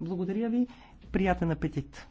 Благодаря ви. Приятен апетит!